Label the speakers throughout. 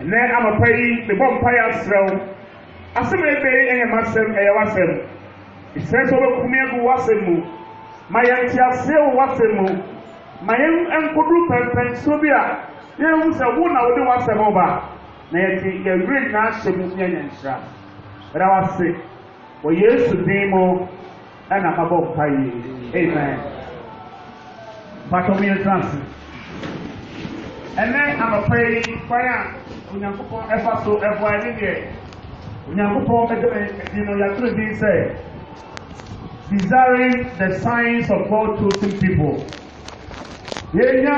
Speaker 1: nnɛ amapa yi mebɔ mpaeɛ asrɛ wo asɛm a ɛbɛyi ɛyɛ m'asɛm ɛyɛ w'asɛm ɛsɛ sɛ wobɛkum yɛ w'asɛm mu ma yɛnte aseɛ wɔ w'asɛm mu ma yɛn nkɔduru pɛmpɛnsuo bi a yɛhu sɛ wo na wode w'asɛm ɔba na yɛte yɛwerɛ nyinaa hyɛ mu w'ase wɔ yesu din mu ɛna mabɔ amen ɛnɛ amapa yi a onyankopɔn ɛfa so ɛboa ne deɛ onyankopɔn ɛdi no yɛatoro din sɛ desiring the signs of God chosen people yɛnya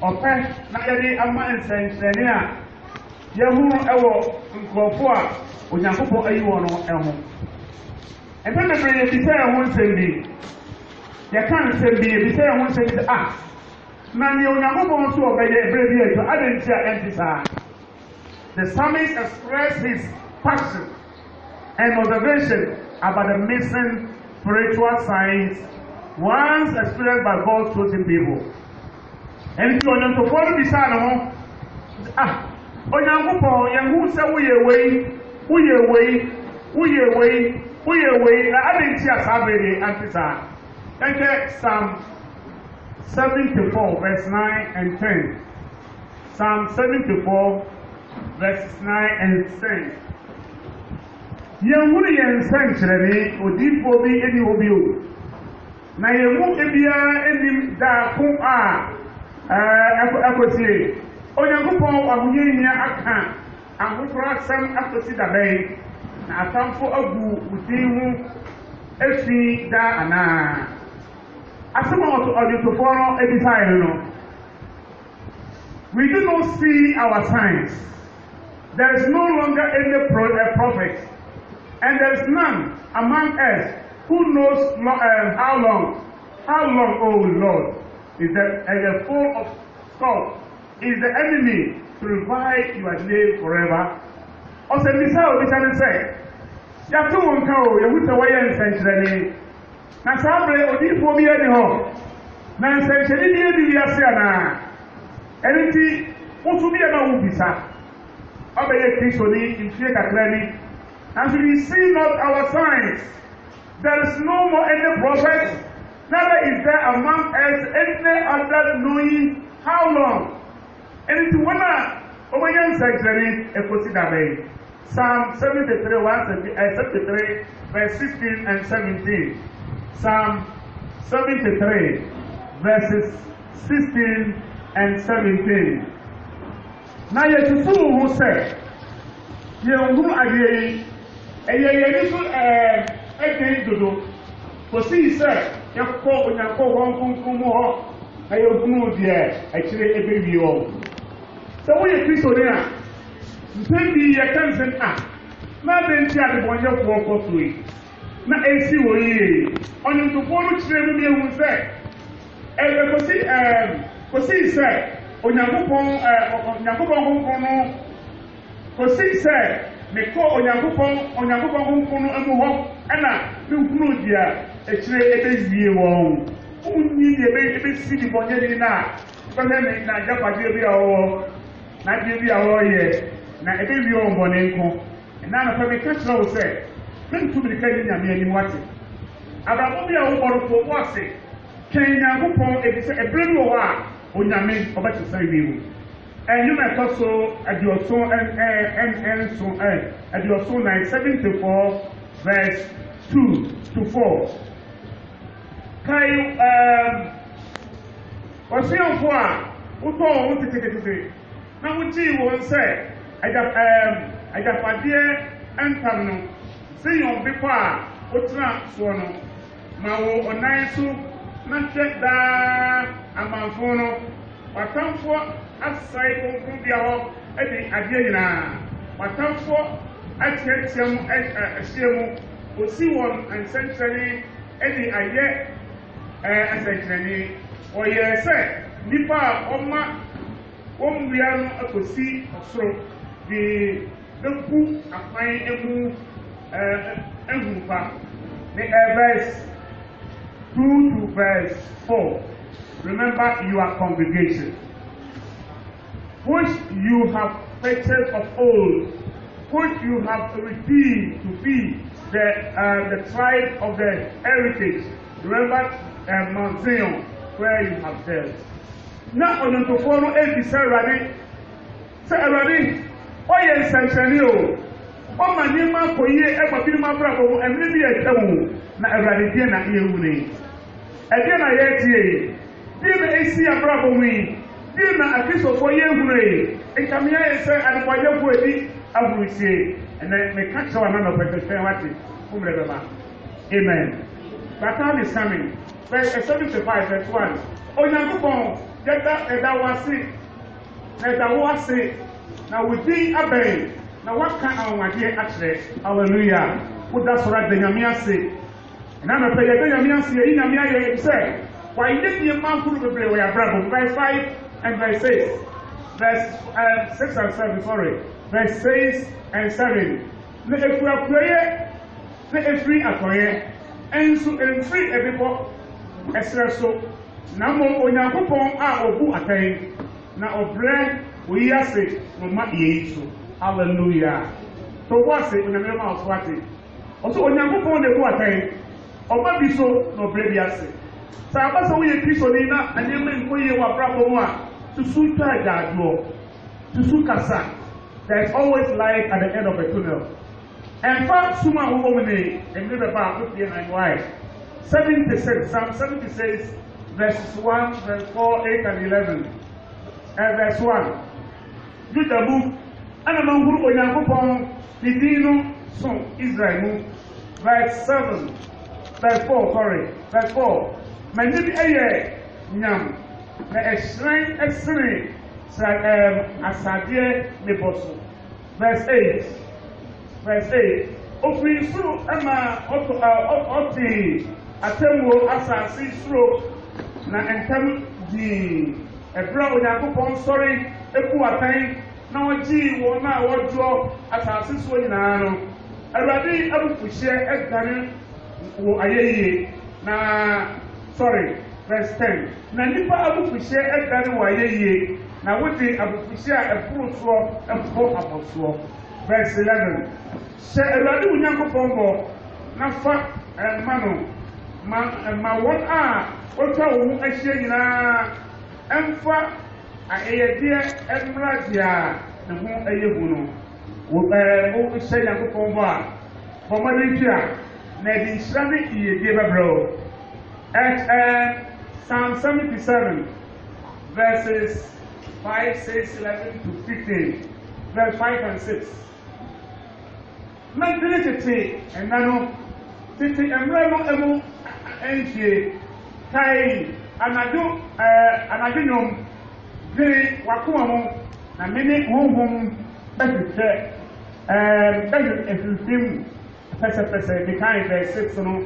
Speaker 1: ɔpɛ na yɛde ama nsɛnkyerɛnne a yɛho ɛwɔ nkurɔfoɔ a onyankopɔn ayi wɔn no ɛho ɛbɛn bebree yɛbisa yɛn ho nsɛm bi yɛka nsɛm bi yɛbisa yɛn ho nsɛm bi sɛ ah, na nea onyankopɔn nso ɔbɛyɛ ebere bi adwa adan nti a ɛnti saa the psalmist expressed his passion and observation about the missing spiritual signs once experienced by God's chosen people ɛnti ɔnyantofoɔ no bisaa ne ho ah onyankopɔn yɛn ho sɛ woyɛ wei woyɛ wei woyɛ wei woyɛ wei na adan nti a saa bere de ɛnti saa ɛnkyɛ psalm. 74, verse 9 and 10. Psalm 74, verses 9 and 10. Yɛnwuru yɛn nsɛnkyerɛnne odiifoɔ bi ni hɔ bio. Na yɛn mu biara anim daako a ɛkɔsie. Eh, Onyankopɔn ahoyɛ nyina aka ahohoro asɛm akosi dabɛn. Na atamfo agu wo din ho efi daa anaa asɛm a ɔdwotofoɔ no bisaeɛ no no we do not see our signs there is no longer any pro uh, prophet and there is none among us who knows lo uh, how long how long o oh lord is the uh, the fall of skull is the enemy to revive your name forever ɔsɛ nisa a obi kyɛn sɛ yàtò wọn kan o yẹwu sɛ wɔyɛ nsɛnkyerɛnni na saa mmerɛ odiyifoɔ bi ani hɔ na nsɛnkyɛnni bi adi wiase anaa ɛno nti wotu bi ɛna wo ɔbɛyɛ kristoni mfie kakra bi nanso we see not our signs there is no more any prophet neither is there among us any other knowing how long ɛno nti wɔn a wɔbɛyɛ nsɛnkyerɛnni ɛkɔsi daba yi psalm seventy three one seventy eh, three verse sixteen and seventeen. Psalm 73, verses 16 and 17. Na yɛtutu e eh, e e wo ho sɛ, yɛnhu adeɛ yi, ɛyɛ yɛni so ɛɛ ɛdɛn dodo, kosii sɛ yɛkɔ onyankopɔn nkonkron mu hɔ na yɛhunu deɛ akyire ɛbɛwie wɔn. Sɛ woyɛ kristoni a, mpɛn bi yɛka nsɛm a, na adɛn nti adebɔnyɛfoɔ kɔ so yi. na-esiwo ihe onye ntụpụ e, e, ọnụ e chiri emume ewu sɛ ɛɛ kosi ɛɛ kosi sɛ onyankopɔn ɛɛ onyankopɔn kunkun no kosi sɛ onyankopɔn onyankopɔn kunkun no emu hɔ ɛna ne nkunu di a wɔn ebe ebesi nibɔnyɛ onye na bɛhɛ na bi a wɔwɔ na adeɛ bi a wɔyɛ na wɔn bɔ ne nko ɛna anapa mi kakyina sɛ. ntumi ka yi nyame anim wate abrabɔ bi a wobɔrofo wɔ ase twɛn nyankopɔn efisɛ ɛberɛ bi wɔ hɔ a onyame ɔbɛte sɛ wie mu ɛnwom ɛtɔ so aduɔson ɛnson aduɔson nine seventy four verse two to four kae ɛɛm um, ɔsiɛnfo a wotɔɔ wo tetetetete na wogyii wɔn sɛ um, agyapadeɛ ɛntam no sɛnyɛ obi kɔ a ɔtena soɔ no ma wɔ ɔnan so na hwɛ daa amanfo no watamfoɔ asɛe kronkronbea hɔ de adeɛ nyinaa watamfoɔ atiatia mu ahyia e, e, mu osi wɔn nsɛnkyerɛnne de ayɛ nsɛnkyerɛnne wɔyɛɛ sɛ nnipa a wɔma wɔn mmua no akɔsi ɔsoro de bɛku akwan mu ɛnkunfa ní verse two to verse four remember your congregation which you have purchased of old which you have redeemed to be the uh, the tribe of the heritage remember uh, Mount Zion where you have dealt. na onyantofoɔ no ebisa awurade sɛ awurade ɔyɛ nsɛnkyerɛnne o ɔma nneɛma akɔ yie ɛma binom abra bɔ mu ɛmene bi yɛ sɛ wo na awurade deɛ na yɛwu ne ɛdeɛ e na yɛatie yi deɛ na ɛsi abra bɔ mu yi deɛ na akristofoɔ yɛhunu yi nkamea yɛ sɛ adebɔyɛfoɔ adi ahorosie ɛnɛ meka kyerɛ wa nanɔpɛ kɛsɛ wate wommerɛ bɛma amen bataa is coming verse eh, seventy five verse one onyankopɔn yɛda ɛda wo ase na ɛda wo ase na wo din abɛn na waka anwadeɛ akyerɛ hallelujah woda sɔrɔ ada nyame ase ɛna anɔpɛ yɛda nyame ase yɛyi nyame ayɛ sɛ wayɛ die mankoro bebree wɔ yɛabrabɔ verse five and verse six verse uh, six and seven sorry verse six and seven na ekurakurayɛ na efiri atɔyɛ ɛnso mfiri ɛbibɔ ɛsrɛ so na mmom onyankopɔn a ɔbu atɛn na ɔbrɛ oyi ase wɔma yɛyi so hallelujah to wase onyame ma ɔso ate ɔso onyankopɔn na ebu atɛn ɔba bi so na ɔbrɛ bi ase saa aba sɛ woyɛ kristoni na nneɛma nkɔ yie wɔ abrabɔ mu a tusu twa agyaadwoɔ tusu kasa there is always light at the end of a tunnel ɛnfa suma wɔwɔ mu ne ɛmiri bɛ ba ako fie nine wide seventy six psalm seventy six verse one verse four eight and eleven and verse one judah move ana manhuru onyankopɔn ne din no so israel mu verse seven verse four sorry verse four Mani bi ɛyɛ nyam na ɛhyerɛn ɛsene sa asadeɛ ne so verse eight verse eight ofiri soro ɛma ɔtɔ ɛ ɔte atemwo asase soro na ntɛm dii ɛbrɛ onyankopɔn sɔre eku atan na wɔgyee wɔn a wɔdorɔ asase soɔ nyinaa no awurade abufuhyɛ adane wɔ ayɛyie na sɔre verse ten na nipa abufuhyɛ adane wɔ ayɛyie na wode abufuhyɛ a ɛforo soɔ ɛforo abɔsoɔ verse eleven hyɛ awurade wo nyankopɔn bɔ na fa ɛma no ma ɛma wɔn a wɔtwa wɔn ho ahyia nyinaa ɛmfa a ɛyɛdeɛ a ne ho ɛyɛ hu no wohyɛ nyankopɔn bɔ a bɔmmɔ no ntwi a na ɛde nhyira ne yɛdeɛ bɛbrɛ o psalm 77 verses 5 6 11 to 15 verse 5 and 6 mɛdene tete ɛna no tete mmerɛ no mu nhwie kae anadwo ɛɛ anadwo nnwom diri wakoma mu na mene honhom bɛte sɛ bɛte afinfim pɛsɛpɛsɛ mekan verse six no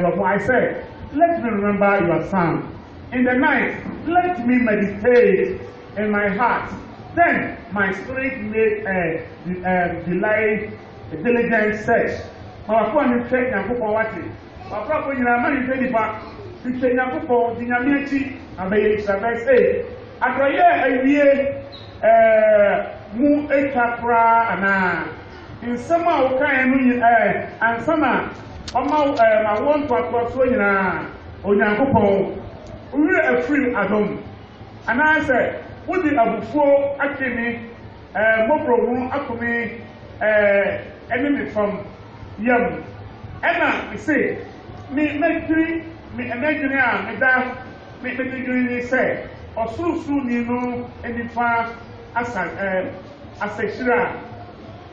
Speaker 1: borɔfo I said let me remember your psalm in the night let me meditate in my heart then my spirit made a uh, delight a diligent search ma wakoma no hwɛ nyankopɔn wate wakorɔfo nyinaa ma ne hwɛ nipa hwehwɛ nyankopɔn di nyame akyi abɛyɛ nhyira verse eight akɛyɛ awie ɛɛ mu atwa koraa anaa nsɛm a wɔkaeɛ no yi ɛɛ ansana ɔma ɛɛ ma wɔn ntoatoasoɔ nyinaa onyankopɔn wura afiri adom anaasɛ wodi abufuo atwe mi ɛɛ mmɔborɔhunu akome ɛɛ ɛne ne fam yam ɛna ese me mɛdwiri mi ɛmɛdwiri a meda me mɛdwiri ne sɛ ɔsorosoroni no nifa asa ɛɛ asahyire a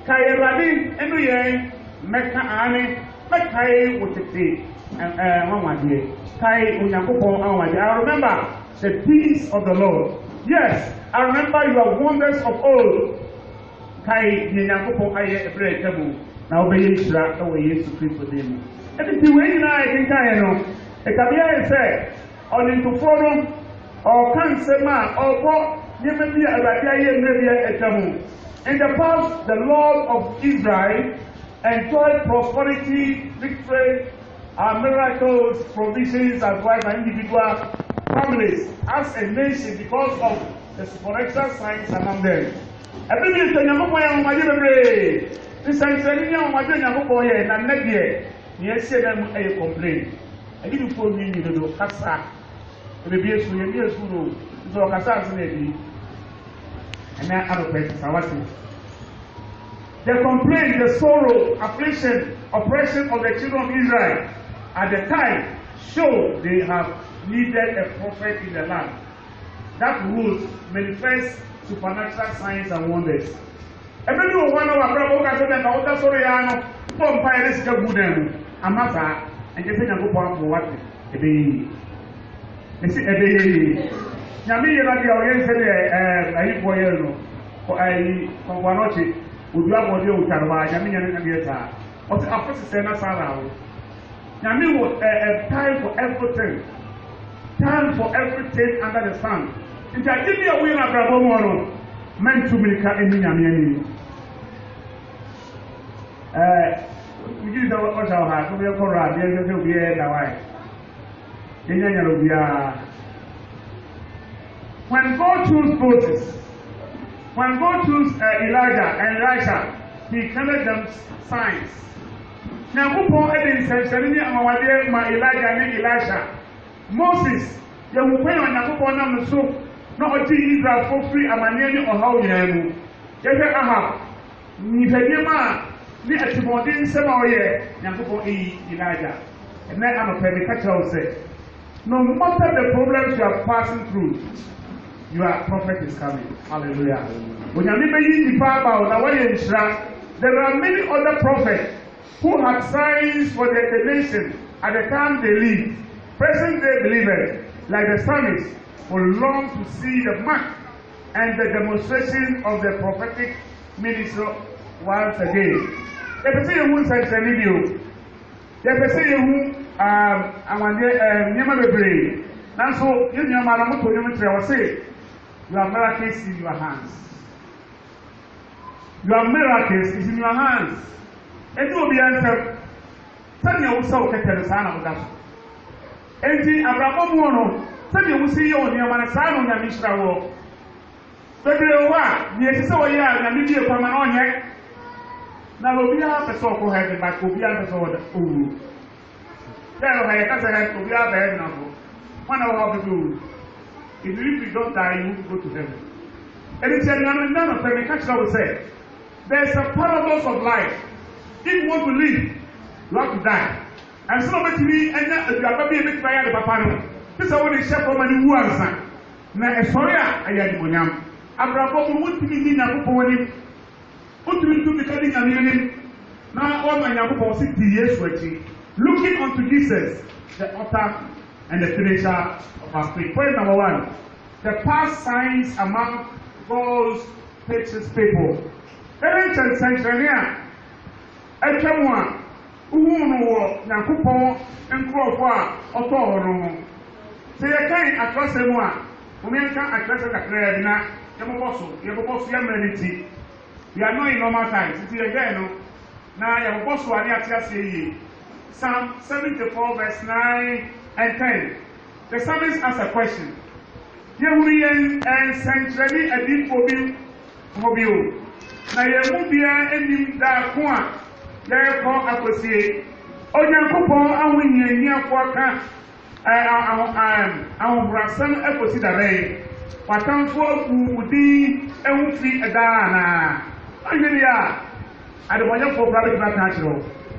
Speaker 1: ka awurade no yɛn mɛka ane mɛkae wɔ tete ɛɛ nwanwadeɛ kae onyankopɔn nwanwadeɛ i remember the peace of the lord yes i remember your wonders of old kae ne nyankopɔn ayɛ ɛbrɛ ɛka mu na wɔbɛyɛ nhyira ɛwɔ yesu kristo dan mu ɛnti wei nyinaa yɛkenkaeɛ no ɛkabeɛ yɛ sɛ ɔnentofoɔ no ɔka nsɛm a ɔbɔ nneɛma bi a awurade ayɛ mmerɛ bi atwa in the past the lord of israel enjoyed prosperity victory and miracles provisions and wife and individual families as a nation because of the supernatural signs among them. ẹbí mi nsọ nyankopɔn yɛ ahomadé bebree nsɛnsɛnni ni ahomadé nyankopɔn yɛ na nnɛ deɛ nea ɛsi ɛdan mu ɛyɛ complain ɛdi bi fo mi nyi dodo kasa ebebi esu yɛ nso ɔkasa ase ebi ɛna adɔpɛ sisa wate they complain the sorrow affliction oppression of the children of Israel at the time show they have needed a prophet in the land that rules manifest supernatural signs and wonders ebe ni wɔn na wabere wɔn kasa dɛ nka wɔda sɔrɔ ya no bɔ mpa yɛ ne sika gu dan mu ama saa ɛnyɛ sɛ nyanko pɔn akɔ wate ebe yi nti ɛbɛ yɛ yie nyame yɛ na deɛ ɔyɛ nsɛdeɛ ɛɛ ayifoɔ yɛ no ayi kɔnkɔn anɔkye odua bɔdeɛ otwa no baa nyame yɛ ne nadeɛ saa ɔte afɔ sisɛ na saa na awo nyame wɔ ɛɛ time for everything time for everything under the sun nti agye bi a woyɛ n'abrabɔ mu ɔno mɛntu mirika ɛni nyame ɛni ɛɛ yiri da ɔhyɛ ɔha kɔmi ɛkɔrɔ a deɛ ɛsɛ sɛ obi yɛ dawa yɛ ɛnyɛ nyɛlo biara when God chose Moses when God chose uh, Elijah and Elisha he counted them signs nyankopɔn ɛde nsɛnkyerɛnne ne amawadeɛ ma Elijah ne Elisha Moses yɛwu kwan a nyankopɔn nam so na ɔgye Israelfo firi amanneɛ ne ɔhaw nyinaa mu yɛhwɛ Ahab nipadɛm a ne atibɔden nsɛm a ɔyɛ nyankopɔn eyi Elijah ɛnɛ anɔpɛ bi kakyɛw sɛ. No matter the problems you are passing through, your prophet is coming. Hallelujah. When you Onyame in the aba o na wɔyɛ nhyira. There are many other prophets who had signs for the, the nation at the time they lived. Present day believers, like the psalmist, will long to see the mark and the demonstration of the prophetic ministry once again. Yɛpɛ sɛ yɛhu nsɛnsɛnni bi o. Yɛpɛ sɛ yɛhu Um, awadeɛ um, nneɛma bebree nanso yɛn nyinaa maa na mo tɔ nneɛma kyerɛ wɔ se you are miracles in your hands you are miracles is in your hands ɛdi obiara nsɛm sani awusa wɔ kɛtɛ no saa na ɔda so eti abrabɔ mu no sani awusa yɛ wɔ nneɛma no saa na onyame hyira wɔ bebree wɔ a nea esi sɛ wɔyɛ a nyame bie kwan ma na ɔnyɛ na obiara pɛ sọ ɔkɔ ha ɛdi ba obiara pɛ sọ ɔda owuo. Then by the time that we have heaven and go, one hour of the rule. If you don't die, you go to heaven. And he said, no, no, no, no, catch that said. There's a paradox of life. If you want to live, you have to die. And so much me, and if you are going to be a papa, no. This is what they share from any who answer. Now, a story, I had the money. Abraham, who would be in a poor name? Who would be to be telling a million? Now, all my young people sit the years waiting. Looking unto Jesus, the author and the finisher of our faith. Point number one the past signs among God's precious people. Ẹ̀rẹ́ nkyẹnsẹ̀nkyẹnni a ẹtwa mu a uhu no wɔ Nyankopɔn nkurɔfoɔ a ɔtɔ hɔ no ho. Sɛ yɛkan atwerɛsɛ mu a, wɔn yɛn kan atwerɛsɛ kakra yɛ bi na yɛbɔbɔ so yɛbɔbɔ so yɛmɛ ne ti. We are not normal times, nti yɛ yɛn no na yɛbɔbɔ so a ne ate aseɛ yie. Psalm 74, verse 9 and 10. The psalmist asks a question. Yehuri yɛn nsɛnkyerɛnni adiifo bi hɔ o. Na yɛn mu biara anim daako a yɛrekɔ akɔsie. Onyankopɔn ahonyanyiafoɔ ka ahohorasɛm akɔsi dabɛɛ. W'atamfoɔ agu wo din ho fi ɛdaa anaa.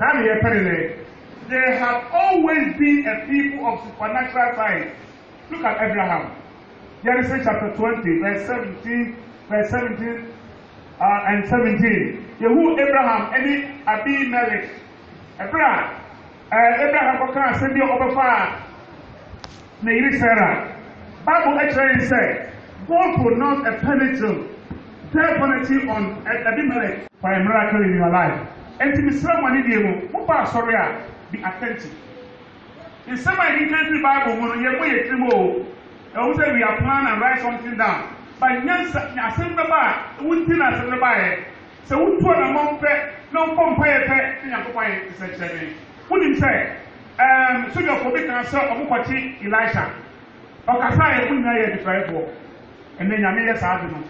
Speaker 1: That is a There have always been a people of supernatural signs. Look at Abraham. Genesis chapter 20, verse 17, verse 17 uh, and 17. Yehu Abraham, any Abi Melech. Abraham, uh, Abraham kọkàn asẹ́bí ọbẹ̀fà na yìí Sarah. Bible actually yìí God will not a penalty, death penalty on Abimelech for a miracle in your life eti misiri wɔn ani deɛ mu mopa asɔre a be attentive nsɛm a yɛde kan firi bible mu no yɛ mo yɛ tiri mu o ɛwɔ sɛ we are plan and write something down but nyansa asɛm bɛba a wunti na asɛm bɛba yɛ sɛ wotuo na mɔ mpɛ na mpɔ mpa yɛ pɛ ne nyankopɔn ayɛ nsɛnkyerɛnne wonim sɛ ɛɛm sojafo bi kan sɛ ɔmo kɔkye elisha ɔkasa a yɛ mo nyinaa yɛ adifraefoɔ ɛnna nyame yɛ saa adi no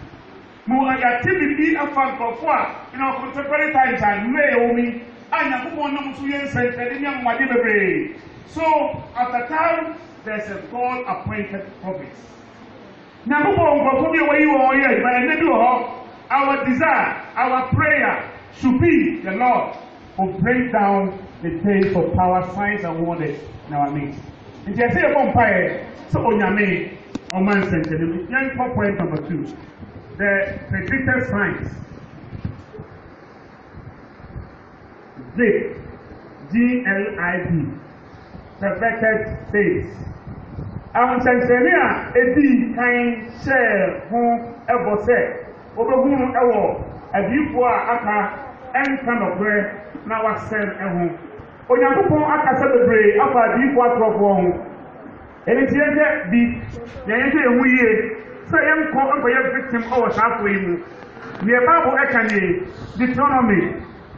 Speaker 1: mu yɛate biribi afa nkurɔfoɔ a na contemporary times a nnɛ yɛwɔ mi a nyankopɔn nam so yɛ nsɛnkyɛnne ne anwade bebree so at the time there is a god appointed prophets nyankopɔn nkurɔfoɔ bi a wɔyi wɔn yɛ adwuma ɛnɛ bi wɔ hɔ our desire our prayer should be the lord to break down the things for power signs and wonders in our midst nti ɛsɛ yɛ bɔ mpa yɛ sɛ onyame ɔma nsɛnkyɛnne yɛn kɔ point number two. the predicted signs. Glib, G-L-I-B, perfected faith. Ahosɛnsɛnni a edi kan hyɛ ho ɛbɔ sɛ wɔbɛhunu a aka ɛnka nɔkorɛ na wasɛn ɛho. Onyankopɔn akasa bebree afa adiifoɔ atorɔfoɔ ho. Ɛni tiɛ bi, yɛn ehu sɛ yɛnkɔ nkɔyɛ victim wɔ saa afɔ yi mu deɛ baabu ɛka ne deuteronomy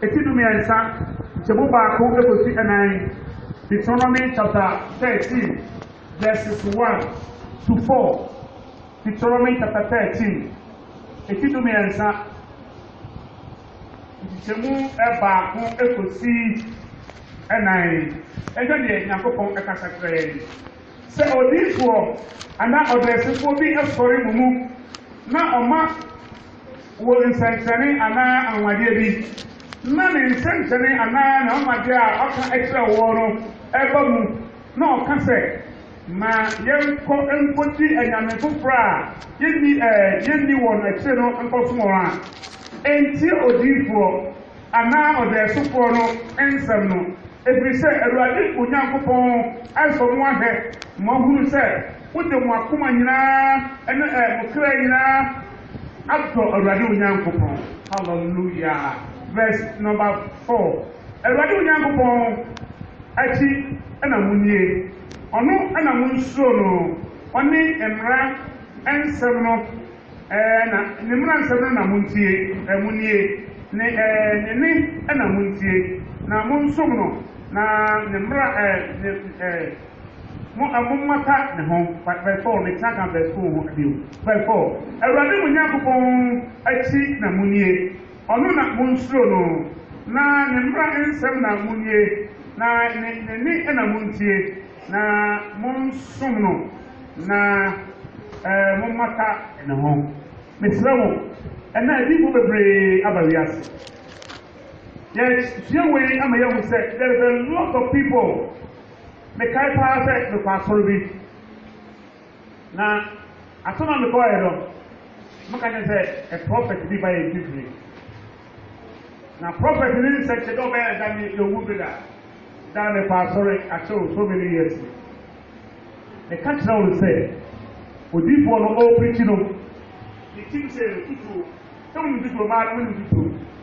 Speaker 1: eti du mmiɛnsa nkyɛmu baako ekosi ɛnan deuteronomy chapter thirteen verses one to four deuteronomy chapter thirteen eti du mmiɛnsa nkyɛmu ɛbaako ekosi ɛnan ɛdwa deɛ nyakopɔn ɛkasa kyerɛ yɛn. sɛ odiifoɔ anaa ɔdɛsifoɔ bi asɔre mu mu na ɔma wɔ nsɛnkyɛnne anaa anwadeɛ bi na ne nsɛnkyɛnne anaa n'anwadeɛ a ɔka akyerɛ wɔn no ɛba mu na ɔka sɛ na yɛnkɔ nkɔgye anyame foforɔ a yɛnni ɛɛ yɛnni wɔn akyire no nkɔso wɔn a ntie odiifoɔ anaa ɔdɛsifoɔ no nsɛm no. ɛfiri sɛ awurade onyankopɔn asɔ mo ahwɛ sɛ wode mo akoma nyinaa ɛne ɛ mo kra nyinaa adɔ awurade onyankopɔn halleluya verse number four awurade onyankopɔn akyi ɛna munie ɔno ɛna munsuro no ɔne mmara nsɛm no ɛɛ na ne mmara nsɛm no na ne ɛɛ ne na monsom no na ne ɛ mo mmata ne ho verse four ne kyerɛ kan verse four ho eh, bio verse four awurade mo nyankopɔn akyi na mo nie ɔno na mo nsoro no na ne mmara nsɛm na mo nie na ne ne ne eh, na mo ntie na mo nsom no na ɛɛ eh, mo mmata ne ho mesrɛ mo ɛna adi mo bebree aba wiase. yɛhyia wei ama yɛhu sɛ there is a lot of people mekae paa sɛ mekɔ asɔre bi na asɔm a mekɔɔyɛ no e meka kyɛ sɛ a prophet bi ba yɛ e bibiri na prophet ni sɛ kyerɛ dɛ ɔbɛyɛ e da me yɛwu bi da da mekɔ asɔre akyɛw so many years meka kyerɛ wo sɛ odiifoɔ no ɔɔpirikyi no ne tim sɛ tutuo sɛ wonim tutuo maa no wonim tutuo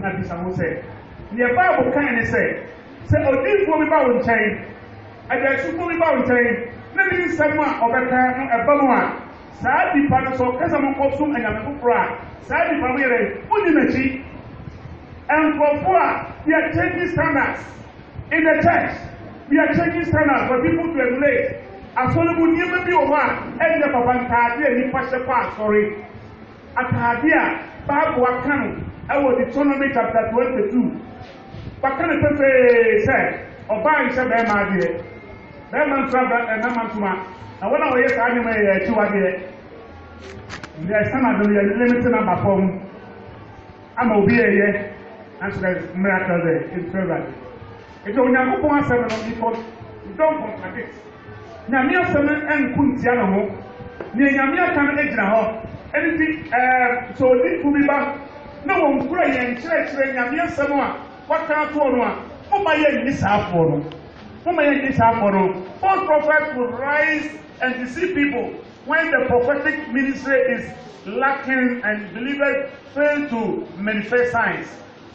Speaker 1: na bisa ho sɛ deɛ baabu kan ne sɛ sɛ odiifoɔ bi ba wo nkyɛn agyasufoɔ bi ba wo nkyɛn na ne nsɛm a ɔbɛka no ɛba mu a saa nipa no so kasa mo kɔsom anyame foforɔ a saa nipa mo yɛrɛ wodi n'akyi nkurɔfoɔ a we are changing standards in the church we are changing standards for people to emulate asɔre mu nneɛma bi wɔ hɔ a ɛnyɛ papa ntaadeɛ nipa hyɛ kɔ asɔre ataadeɛ a baabu aka no ɛwɔ deuteronomy chapter twenty two waka ne pefee sɛ ɔbaa yi sɛ bɛrima adeɛ bɛrima ntura bɛrima ntoma na wɔn a wɔyɛ saa nneɛma yɛ akyiwa adeɛ yɛ sama do yɛ limiti na ba fam ama obi yɛ yɛ asɛ mmerɛ atɔ dɛ ntura ba de etu onyankopɔn asɛm no bifɔ don contradict nyame asɛm ɛnko ntia ne ho nea nyame aka no gyina hɔ ɛnti ɛɛ sɛ odi ku bi ba wura yɛn kyerɛkyerɛ nyameɛ nsɛm a wɔka toɔ no a moma yɛ nni saa foɔ no moma yɛ nni saa foɔ no false prophet will rise and deceive people when the prophetic ministry is lacking and believers fail to manifest signs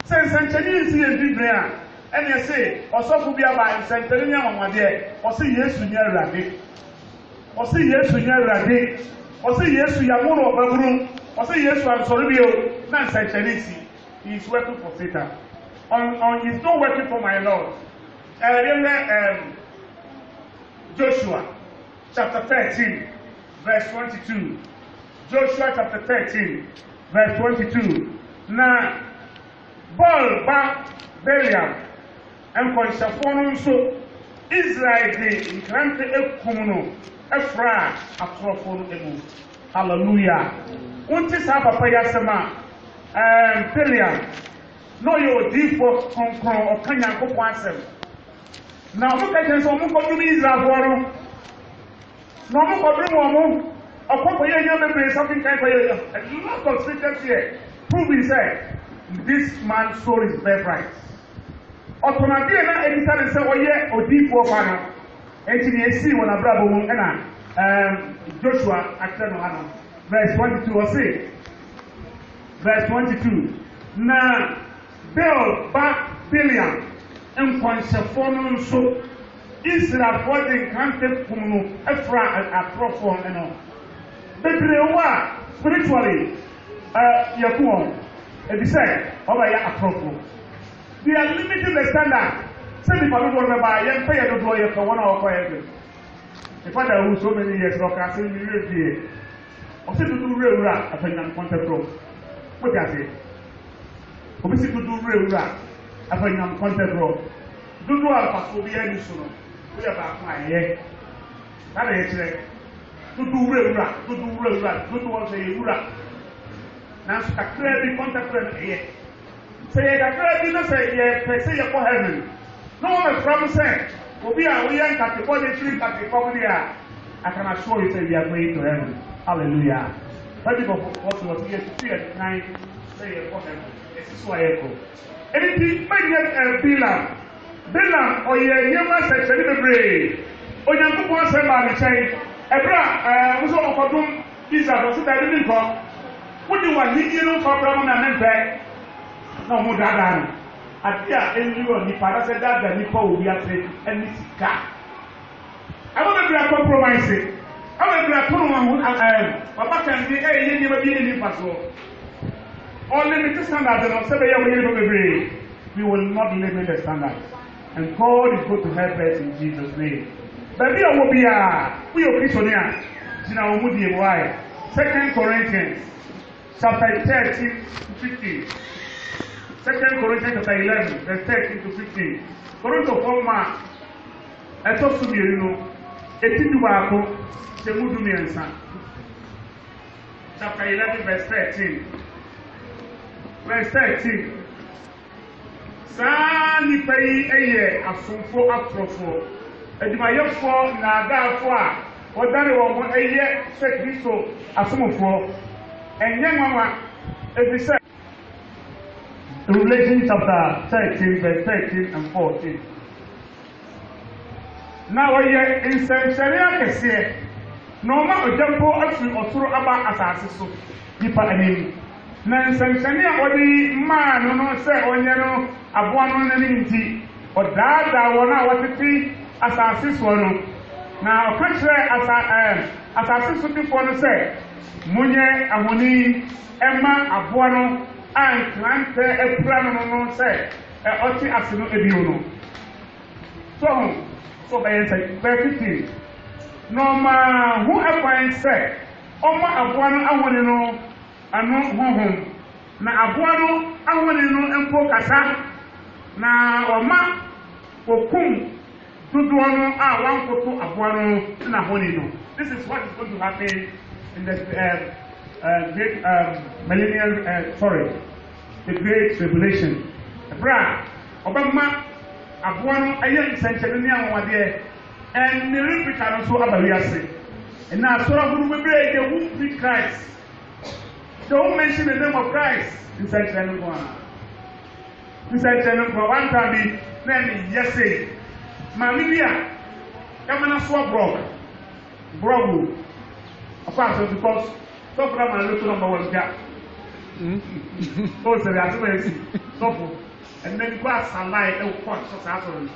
Speaker 1: sɛ nsɛnkyɛnni nsi yɛ bibire a ɛna ɛsɛ ɔsɔfo bi aba nsɛnkyɛnni ne anwanwadeɛ ɔsɛ yesu nyɛ awurade ɔsɛ yesu nyɛ awurade ɔsɛ yesu yamuru ɔbɛburu ɔsɛ yesu ansɔre bio na nsɛnkyɛnni si he is working for Satan. On, on, he's not working for my Lord. I remember um, Joshua chapter 13, verse 22. Joshua chapter 13, verse 22. Now, Paul ba Belial and no nso Israel de nkrante ekum no efra akorɔfoɔ no hallelujah. Wọ́n ti sáà papa yi mpere ehm, a na ɔyɛ odiifoɔ kronkron ɔka nyankopɔn asɛm na ɔmo kɛkyɛ sɛ ɔmo kɔdum israelfoɔ no na ɔmo kɔdum wɔn mo ɔkɔ kɔyɛ nyɛ bebree sɔfinkan kɔyɛ a lot of secret here proving sɛ this man story is very birthright ɔtɔnadeɛ na ebisa ne sɛ ɔyɛ odiifoɔ fa no eti na esi wɔn abrabɔ mu ɛna joshua akyerɛ no ha no verse one two ɔsi verse 22 na bill ba billion nkwanhyɛfoɔ no nso israelfoɔ de nkante kum no afra atorɔfoɔ no bebree wɔ a spiritually ɛɛ eh, yɛku wɔn ebi sɛ ɔbɛyɛ atorɔfoɔ they are limiting the standard sɛ nipa dodoɔ bɛ ba yɛn pɛ yɛ dodoɔ yɛ fɛ wɔn a wɔkɔ yɛ fɛ nipa da owu so many years ɔka se mi yɛ fie ɔsi dodo wura wura afɛnyan kɔntɛtɔ wọ́n ti ase obi si dudu wura wura afa nyam kɔntɛ dorɔ dudu a papa obi ani so no o yɛ baako a yɛ tada yɛ kyerɛ dudu wura wura dudu wura wura dudu wɔn sɛ yɛ wura nanso kakra bi kɔntɛ dorɔ no ɛyɛ sɛ yɛ kakra bi na sɛ yɛ pɛ sɛ yɛ kɔ hɛmɛn na wɔn afra mu sɛ obi a oyɛ nkatibɔ ne firi nkatibɔ mu deɛ a akana soɔ yi sɛ yɛ abɔ yi tɔ hɛmɛn hallelujah baabi wɔtɔ wɔtɔ yɛ tutu yɛ nan sɛ yɛ kɔ hɛn esi so a yɛ kɔ eti mɛnyɛ ɛɛ bilam bilam ɔyɛ nyɛma sɛkyɛni bebree onyankopɔn asɛm baa ne nkyɛn ɛbrɛ a ɛɛ wosɔ ɔkɔdum israel ɔsɛ baabi ne nkɔ wodi wa yiyi no nkɔ brɛ mu na ne mpɛ na ɔmo daadaa no ade a ɛnwi wɔ nipa adasɛ daadaa nipa wɔ wi ase ɛne sika ɛwɔ bebree a compromise ama kura pono wɔn ho ɛɛ papa kante ɛyɛ yɛ nneɛma bi yɛ nipa soɔ ɔlimiti standard no sɛ bɛyɛ wɔyɛ nipa bebree we will not limit the standard and God is good to help us in Jesus name baabi a wɔ biara woyɛ okirisoni a gyina wɔn mu die mu ayɛ second Corinthians chapter thirteen to fifteen second Corinthians chapter eleven verse thirteen to fifteen korinto fɔm a ɛtɔ so mmienu no eti du baako sɛ mu dumiɛnsa chapter eleven verse thirteen verse thirteen saa nipa yi yɛ asomfo atorɔfoɔ adwumayɛfoɔ naadaafoɔ a wɔdane wɔn ho yɛ sɛ kristo asomfoɔ ɛnyɛ nwanwa efisɛ. Revelation chapter thirteen verse thirteen and fourteen. Na wɔyɛ nsɛnkyerɛ akɛseɛ. na ọma ɔgyampo afiri ọsoro aba asaase so nipa anim na nsɛnkyɛnne a mmaa no no no aboa no nti a wɔtete no na ɔka kyerɛ asa ɛɛ asase so difoɔ no sɛ monyɛ ahoni ɛma aboa no a nkrantɛ apura no no sɛ ɛ ɔte ase no na ɔmaa ho ɛkwan sɛ ɔma aboa no ahoni no ano na aboa no ahoni no kasa na ɔma okum dodoɔ no a wankoto aboa no na ahoni no this is what is going to happen in the uh, um, uh, great um, millennial uh, sorry the great tribulation ɛberɛ a ɔbɛma aboa no ɛyɛ nsɛnkyɛnni ne anwadeɛ ɛn ne mpika no nso aba wiase ɛna asɔrɔfo no bebree de who be christ so who mention the name of christ nsɛnkyerɛ no ko a nsɛnkyerɛ no ko a one time bi na ɛne yɛse maame bi a yɛmana soɔ brɔg brɔg o ɔkɔ asɔ because sɔfura maa no to na ma wɔ gya o sɛbi asɛm a yɛsi sɔfo ɛnna bi kɔ asalae ɛwɔ kɔ asɔ saa asɔrɔ no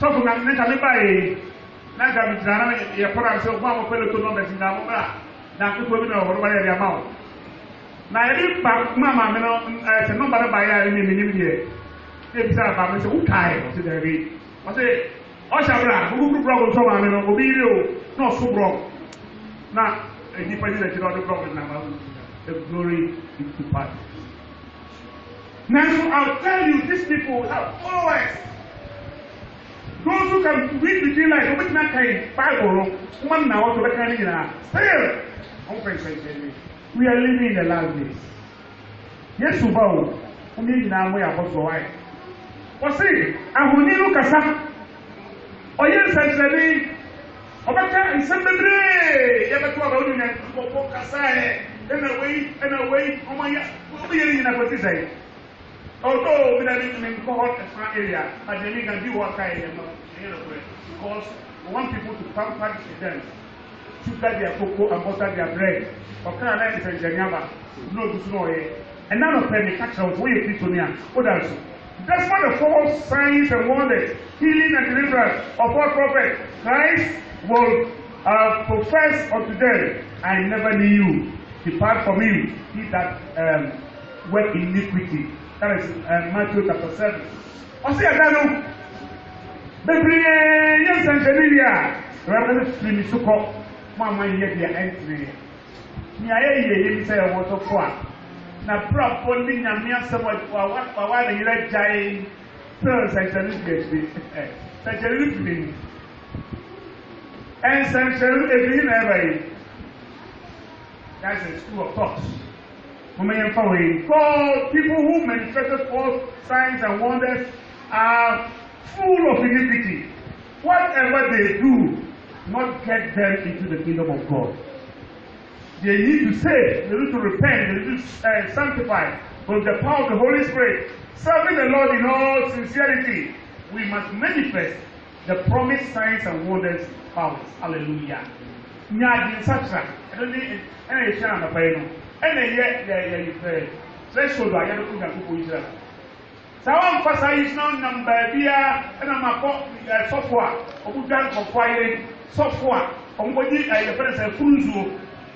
Speaker 1: sɔfo nga ne ka ne ba ye n'a ka mi tira anam yɛ kɔrɔ a bɛ se o kuma mo pɛlɛ to nɔfɛ ti na mo ba na ko ko bi na ɔkɔrɔ wɛrɛ yɛrɛ ma o na yɛ bi ba kuma ma mi na ɛɛ sɛ nɔmba ne ba yɛ ayɛ ne mi ne mi yɛ ne bi se a ba mi se o ta yɛ o ti dɛ bi o ti ɔsabra kúkúrú búrọ́kù tó wà nínú obi yìí o náà sún búrọ́kù na nípa yìí lẹ́tí lọ́dún búrọ́kù náà máa ń the glory is to pass. Now I'll tell you these people have always Those who can read between lines, which not kind Bible, one now to the kind Still, we are living in the last days. Yes, ya. who need now we are about to why. What's it? I will ya Lucasa. Oh, yes, I said, Obaka and Sandre, Yabaka, Union, Pokasae, and away, although we are don't mean God as one area, but then we can do work in because we want people to pamper them, sugar their cocoa and butter their bread. Or can I is a Janyaba? No, this no way. And none of them they catch out people Christian. What else? That's one of the four signs and wonders, healing and deliverance of all prophet Christ will uh, profess unto them, I never knew you. Depart from him, he that um, work iniquity that is uh, Matthew chapter seven ọsẹ yẹ dánú bebree yẹ nsẹnkyẹnni yẹ a ìwádìí mi firi mi so kọ mo àmà yẹ deɛ ɛntiri yẹ nea yẹ yẹ yẹ bi sɛ yɛ wɔtɔ fo a na prapɔ ne nyame asɛm wa wa wa ne yɛrɛ gyae pɛrɛ nsɛnkyɛnni firi akyire nsɛnkyɛnni firi ɛnsɛnkyɛnni ebiri na ɛbɛyɛ that's a school of thought women empowering. For people who manifested false signs and wonders are full of iniquity. Whatever they do, not get them into the kingdom of God. They need to say, they need to repent, they need to uh, sanctify with the power of the Holy Spirit. Serving the Lord in all sincerity, we must manifest the promised signs and wonders powers. Hallelujah. Nyadi nsatra, ẹni ẹni ẹhyẹn anapa yi no ɛna ɛyɛ yɛyɛ fɛ threshold a yɛde ko nyankopɔn yi gyina saa wɔmfa saa yi gyina nam baabi a ɛna makɔ sɔfo a ɔmodwa nkɔfo ayere sɔfo a ɔmokɔgye yɛfrɛ sɛ funsuo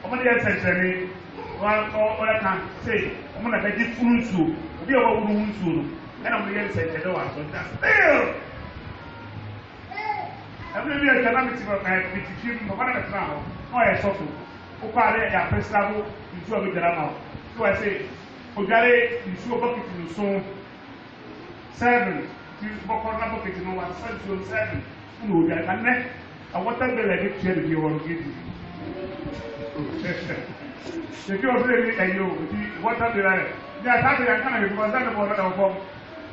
Speaker 1: ɔmode yɛ nsɛnkyerɛnne ɔlɛka se ɔmo na bɛgye funsuo obi a wɔworo ho nsuo no ɛna ɔmo yɛ nsɛnkyerɛnne wɔ aso da still ɛmɛ bi a kyɛ na mete mete fie mu papa na mɛtena hɔ na ɔyɛ sɔfo kokɔare yɛ apɛsirabo nsuo a bi dara ma tí wàá sè ojare nsuo bɔkiti no so seven ti bɔkɔrɔ na bɔkiti no wa sa nsuo seven ɛna ojare na nɛ awɔta bɛlɛ bi tia bi wɔn gidi tètè o bèrè ɛyẹ o ti wɔta bèrè ayɛ ní ata bèrè akana yẹ kókó ndáni bɔrɔ náà fɔm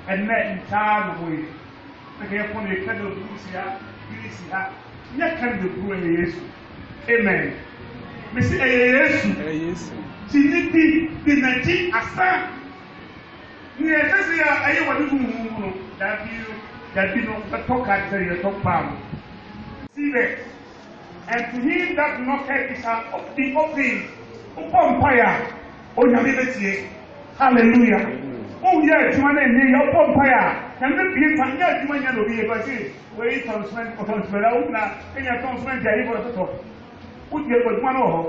Speaker 1: ɛnɛ ntaa no mo yɛ ɛkɛ yɛ fɔm yɛ kɛndɛ ha biri si ha nyɛ kɛndɛ duro yɛ yɛ su amen mesi ɛyɛ yesu ti ni bi na di asa ne yɛ kɛse a ɛyɛ wɔ ne mu mu no dabi dabi no ɛtɔ kakyɛ yɛ tɔ paam sibɛ and to him that knocketh is an open open wopɔ mpaeɛ a onyame bɛtie hallelujah woyɛ adwuma no ɛnɛ yɛ wopɔ mpaeɛ a nyame bie ta nyɛ adwuma nyɛ na obi yɛ bɛ se wɔyi tɔnsmɛnt ɔtɔnsmɛnt a wopna ɛnya tɔnsmɛnt a yɛbɔ tɔtɔ ku je ko jumano ho